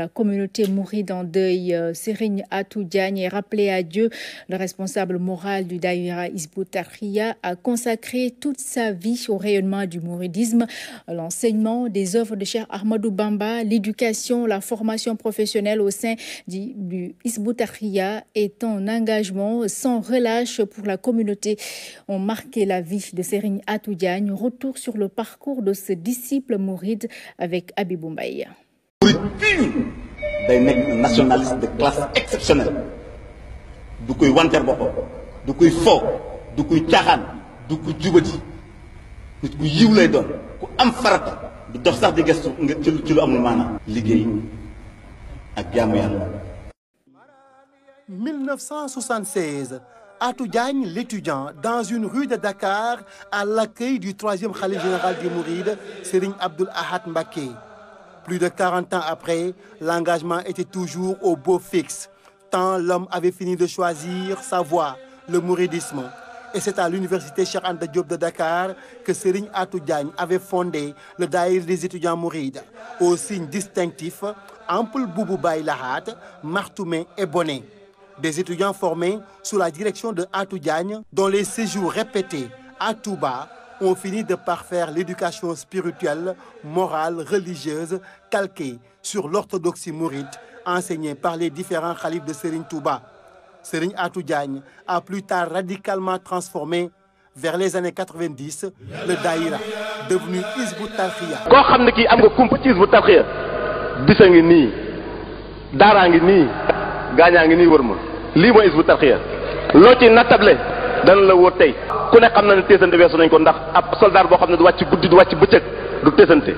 la communauté mouride en deuil, euh, Serigne Atou Diagne rappelé à Dieu. Le responsable moral du Daïra Hizbut a consacré toute sa vie au rayonnement du mouridisme, l'enseignement des œuvres de Cheikh Ahmadou Bamba, l'éducation, la formation professionnelle au sein du, du Hizbut Tarqiyyah est un engagement sans relâche pour la communauté. On marqué la vie de Serigne Atou Diagne. Retour sur le parcours de ce disciple mouride avec Abibou Mbaye. pur day nekk un nationaliste de classe exceptionnelle du koy wanteer boppam du koy fo du koy caaxaan du ko jubati nit ku yiw lay doon ku am farata du dox sax di gestu ci lu amul maanaam liggéey ak jaamu yàlla 1976 Atou l'étudiant, dans une rue de Dakar, à l'accueil du troisième général du Mouride, Sering Abdul Ahad Mbaké. Plus de 40 ans après, l'engagement était toujours au beau fixe, tant l'homme avait fini de choisir sa le mouridisme. Et c'est à l'université Cheikh Anta Diop de Dakar que Serigne Atou avait fondé le Daïra des étudiants mourides, au signe distinctif ample boubou baye lahat, martoumé et bonnet. Des étudiants formés sous la direction de Atou Diagne, dont les séjours répétés à Touba ont fini de parfaire l'éducation spirituelle, morale, religieuse, calquée sur l'orthodoxie mourite enseignée par les différents khalifs de Serigne Touba. Serigne Atou Diagne à plus tard radicalement transformé vers les années 90 le daïra devenu Hizbut Tarqiyyah. koo xam ne kii am nga kumpa ci Hizbut Tarqiyyah bisa ngi nii daaraa ngi nii gaañaa ngi nii wër lii mooy Hizbut loo ci nattable dana la wóor tey ku ne xam na ne teesante weesu nañ ko ndax ab soldat boo xam ne du wàcc guddi du wàcc bëccëg du teesante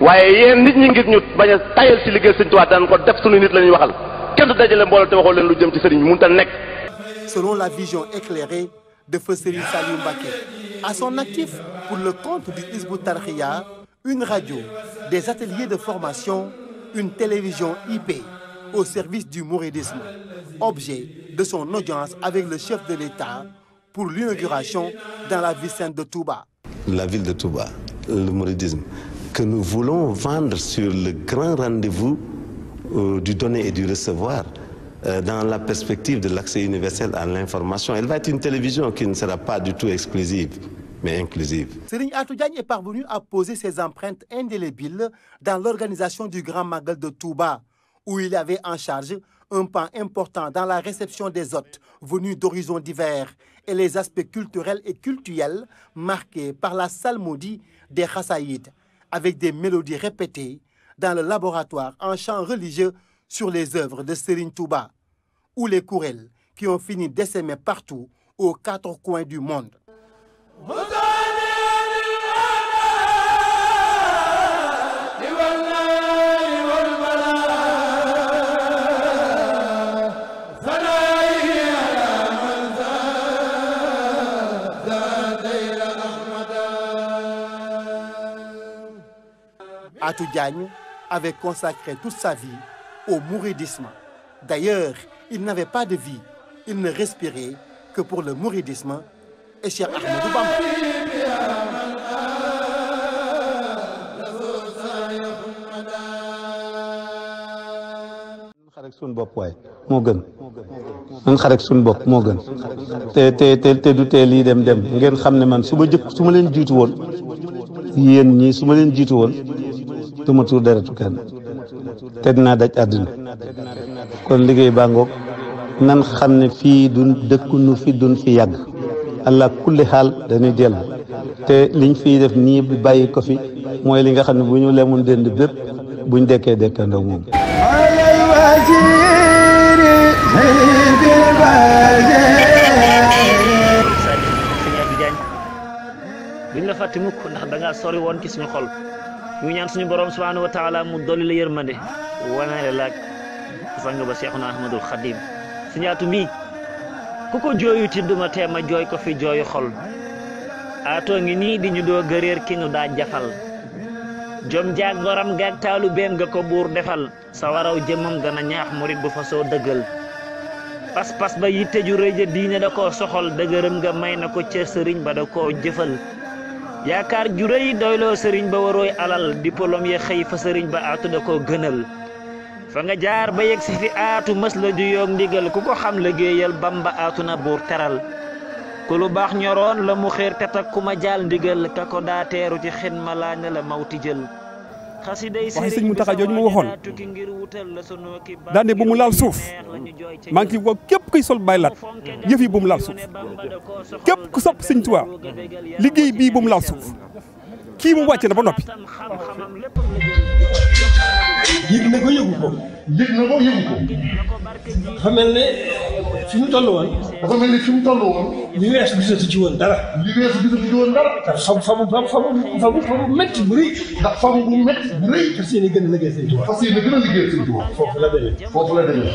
waaye yéen nit ñi ngir ñu bañ a tayal ci liggéey sëñ Tuubaa daan ko def suñu nit la ñuy waxal kenn du dajale mbooloo te waxoo leen lu jëm ci sëriñ bi mënut a nekk. selon la vision éclairée de feu Serigne Saliou Mbacké à son actif pour le compte du Hizbut Tarqiyyah une radio des ateliers de formation une télévision IP. au service du mouridisme, objet de son audience avec le chef de l'État pour l'inauguration dans la ville sainte de Touba. La ville de Touba, le mouridisme, que nous voulons vendre sur le grand rendez-vous euh, du donner et du recevoir euh, dans la perspective de l'accès universel à l'information. Elle va être une télévision qui ne sera pas du tout exclusive, mais inclusive. Serigne Atou Diagne est parvenu à poser ses empreintes indélébiles dans l'organisation du Grand Magal où il avait en charge un pan important dans la réception des hôtes venus d'horizons divers et les aspects culturels et cultuels marqués par la psalmodie des Khassaïdes, avec des mélodies répétées dans le laboratoire en chant religieux sur les œuvres de Serigne Touba, ou les courelles qui ont fini d'essaimer partout aux quatre coins du monde. Fatou Diagne avait consacré toute sa vie au mouridisme. D'ailleurs, il n'avait pas de vie, il ne respirait que pour le mouridisme et Cheikh Ahmadou Bamba. bopp waaye moo gën man xarek suñu bopp moo gën te te te te du tee lii dem dem ngeen xam ne man su ma jëkk su ma leen jiitu woon yéen ñii su ma leen jiitu du ma tuur deretu kenn daj àdduna kon liggéey baa ngoog nan xam ne fii duñ dëkku nu fi duñ fi yàgg allah kulli xaal dañuy dellu te liñ fiy def nii bi bàyyi ko fi mooy li nga xam ne bu ñu lemoon dënd bépp buñ dekkee dekkandoo moom ñu ñaan suñu borom subhanahu wa taala mu dolli la yërmande wanale laag sang ba Seexuna Ahmadul Xadim suñu atum bii ku ko jooyu ti duma tee ma jooy ko fi jooyu xol aatoo ngi nii di ñu doo gëréer ki ñu daa jafal jom jaag ngoram gaag taalu beem ga ko buur defal sa waraw jëmam gën a ñaax murit bu fa soo dëggal pas-pas ba yitte ju ja diine da koo soxal dëgëram nga may na ko cër sëriñ ba da koo jëfal yaakaar ju réy doyloo sëriñ ba warooy alal diplôme ya xëy fa sëriñ ba atu da koo gënal fa nga jaar ba yeg si fi aatu mës la ju yoog ndigal ku ko xam liggéeyal bamba aatu na buur teral ku lu baax ñoroon la mu xéer te ku ma jaal ndigal ka ko daa teeru ci xin ma laañ la mawti jël waxi sëñ Mountakha jooju ma waxoon daane bu mu laal suuf maa ngi ciy woo képp kuy sol Baay Laat yëf yi bu mu laal suuf képp ku sopp sëñ liggéey bii bu mu laal suuf kii mu wàcce na ba noppi yëg na ko yëgu ko yëg na ko yëgu ko. dafa mel ne fi mu toll woon. dafa mel ne fi mu toll woon. li weesu gisatu ci woon dara. li weesu gisatu ci woon dara. ndax fa fa mu fa mu fa mu métti bu rëy. ndax fa mu métti bu rëy. fas yéene gën a liggéey seen tubaab. fas yéene gën a liggéey seen tubaab. foofu la demee. foofu la demee.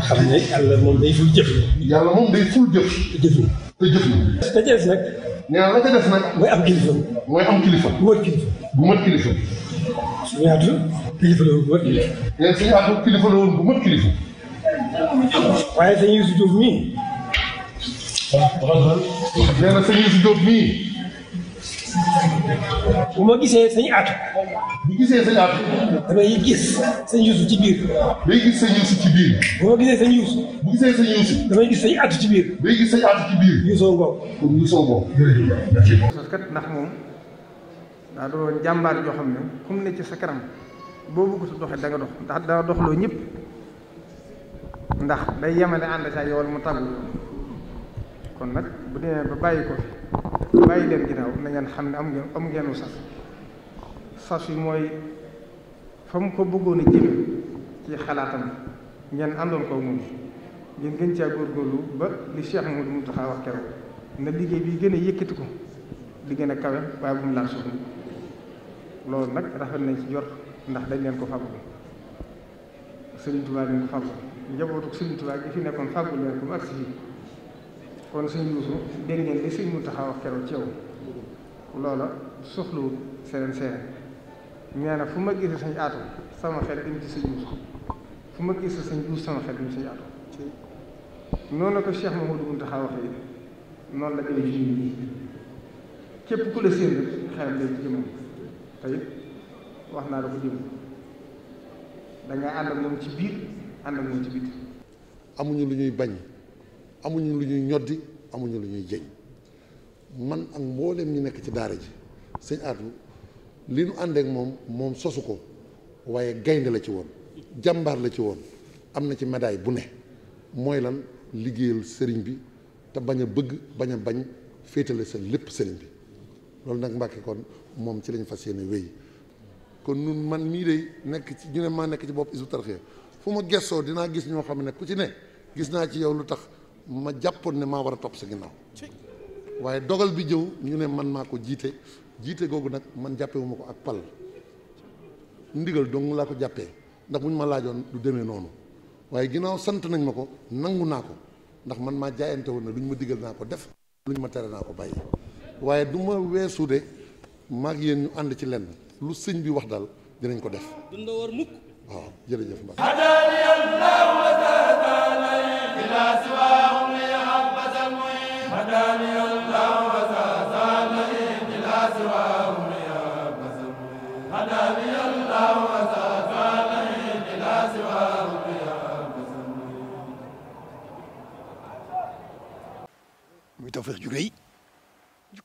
nga xam ne yàlla moom day ful jëf. yàlla moom day ful jëf. jëf na te jëf na. te jëf nag. nee na la ca def nag. mooy am kilifa. mooy am kilifa. bu mat kilifa. bu mat kilifa. suñu yaatu kilifa la woon bu mat kilifa. mais suñu yaatu kilifa la woon bu mat kilifa. waaye sëñ Youssou Diop mii. nee na sëñ Youssou Diop mii. bu ma gisee sëñ Atou. bu gisee sëñ Atou. damay gis sëñ Youssou ci biir. day gis sëñ Youssou ci biir. bu ma gisee sëñ Youssou. bu gisee sëñ Youssou. damay gis sëñ Atou ci biir. day gis sëñ Atou ci biir. Youssou Ngom. Youssou Ngom. jërëjëf. kat ndax moom. daa doon jàmbaar joo xam ne kum ne ci sa kanam boo bëggut doxe da nga dox ndax daa dox loo ñëpp ndax day yemale ànd saa yow mu tàggu kon nag bu demee ba bàyyi ko bàyyi leen ginnaaw na ngeen xam ne am ngeen am ngeenu sas sas yi mooy fa mu ko bëggoon a ci xalaatam ngeen àndoon ko moom ngeen gën caa góorgóorlu ba li Cheikh Mouhamadou Mountakha wax keroog na liggéey bi gën a yëkkati ko di gën a kawe waaye bu mu laal suuf loolu nag rafet nañ ci jot ndax dañ leen ko fàggul sëriñ Tuubaa leen ko fàggul njabootu gi fi nekkoon fàggul leen ko mu agsi fii kon sëñ Yuusu dégg ngeen li sëñ Muntaxa wax keroog ci yow loola soxlawut sereen sereen nee fu ma gisee sañ aatu sama xel dem ci sëñ Yuusu fu ma gisee sañ Yuusu sama xel dem ci sañ noonu la ko Cheikh Mamadou Muntaxa waxee la koy jii nii ku la séen rek xelam day ci jëmmam te it wax naa la ko jëm ànd ak moom ci biir ànd ak moom ci biti amuñu lu ñuy bañ amuñu lu ñuy ñoddi amuñu lu ñuy jëñ man ak mbooleem ñu nekk ci daara ji sëñ Atou li nu àndeek moom moom sosu ko waaye gaynde la ci woon jàmbaar la ci woon am na ci médaille bu ne mooy lan liggéeyal sëriñ bi te bañ a bëgg bañ a bañ féetale sa lépp sëriñ bi loolu nag Mbàkke kon moom ci lañ fas yéene wéy kon nun man mii de nekk ci ñu ne maa nekk ci bopp Hizbut Tarqiyyah fu ma gessoo dinaa gis ñoo xam ne ku ci ne gis naa ci yow lu tax ma jàppoon ne maa war a topp sa ginnaaw waaye dogal bi jëw ñu ne man maa ko jiite jiite googu nag man jàppewuma ko ak pal ndigal dong laa ko jàppee ndax bu ñu ma laajoon du demee noonu waaye ginnaaw sant nañ ma ko nangu naa ko ndax man maa jaayante woon ne lu ñu ma digal naa ko def lu ñu naa ko bàyyi waaye du ma weesu de maag yéen ñu ànd ci lenn lu sëñ bi wax daal dinañ ko def. dundoo war mukk. waaw jërëjëf muy tawfeex ju rëy